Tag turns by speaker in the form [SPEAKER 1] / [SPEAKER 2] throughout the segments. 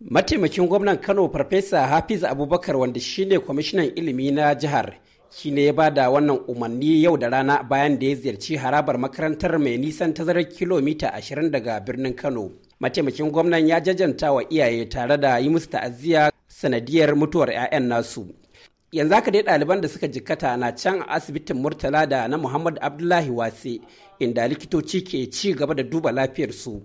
[SPEAKER 1] mataimakin gwamnan kano farfesa hafiz abubakar wanda shine kwamishinan ilimi na jihar shine ya bada wannan umarni yau da rana bayan da ya ziyarci harabar makarantar mai nisan tazarar kilomita 20 daga birnin kano mataimakin gwamnan ya jajanta wa iyaye tare da yi musu ta'aziyya sanadiyar mutuwar 'ya'yan nasu yanzu haka dai ɗaliban da suka jikkata na can a asibitin murtala da na muhammad abdullahi wase inda likitoci ke ci gaba da duba lafiyarsu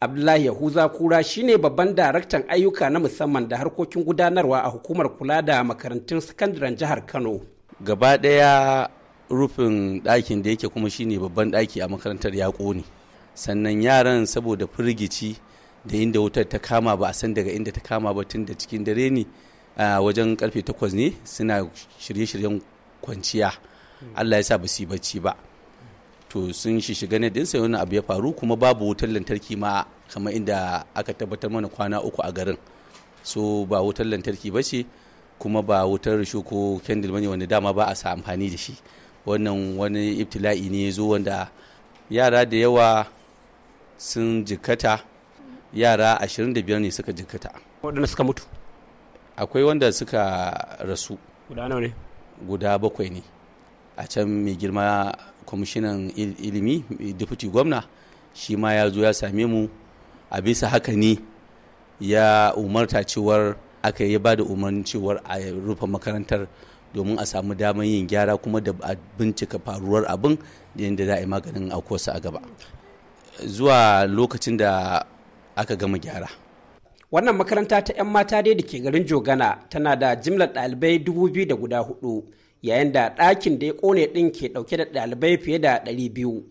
[SPEAKER 1] abdullahi yahuza kura shine babban daraktan ayyuka na musamman da harkokin gudanarwa a hukumar kula da makarantun sakandaren jihar kano
[SPEAKER 2] gaba ɗaya rufin ɗakin da yake kuma shine babban ɗaki a makarantar ya ƙone sannan yaran saboda firgici da inda wutar ta kama ba a san daga inda ta kama ba tun da cikin dare ne a wajen karfe takwas ne suna shirye-shiryen kwanciya allah ya sa ba su yi bacci ba to sun shi shiga ne sai wani abu ya faru kuma babu wutar lantarki ma kamar inda aka tabbatar mana kwana uku a garin so ba wutar lantarki ba ce kuma ba wutar risho ko kendil bane wanda dama ba a sa amfani da shi wannan wani ibtila'i ne ya zo wanda yara da yawa sun jikata yara 25 ne suka jikata waɗanda suka mutu akwai wanda suka rasu guda nawa ne guda bakwai ne a can mai girma kwamishinan ilimi deputy gwamna shi ma ya zo ya same mu a bisa haka ne ya umarta cewar aka yi ba da umarnin cewar a rufe makarantar domin a samu damar yin gyara kuma da bincika faruwar abin da yadda za a yi maganin kosa a gaba zuwa lokacin da aka gama gyara wannan
[SPEAKER 1] makaranta ta 'yan mata dai da ke garin jogana tana da jimlar ɗalibai dubu biyu da guda hudu yayin da ɗakin da ya ƙone ɗin ke ɗauke da ɗalibai fiye da ɗari biyu.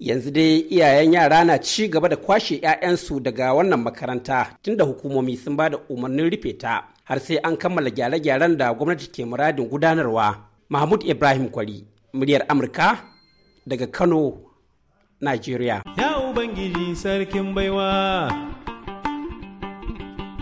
[SPEAKER 1] Yanzu dai iyayen yara na ci gaba da kwashe 'ya'yansu daga wannan makaranta tunda hukumomi sun ba da umarnin rufe ta har sai an kammala gyare-gyaren da gwamnati ke muradin gudanarwa. Mahmud Ibrahim Kwari, muryar Amurka daga Kano, Najeriya.
[SPEAKER 2] Ya Ubangiji sarkin baiwa.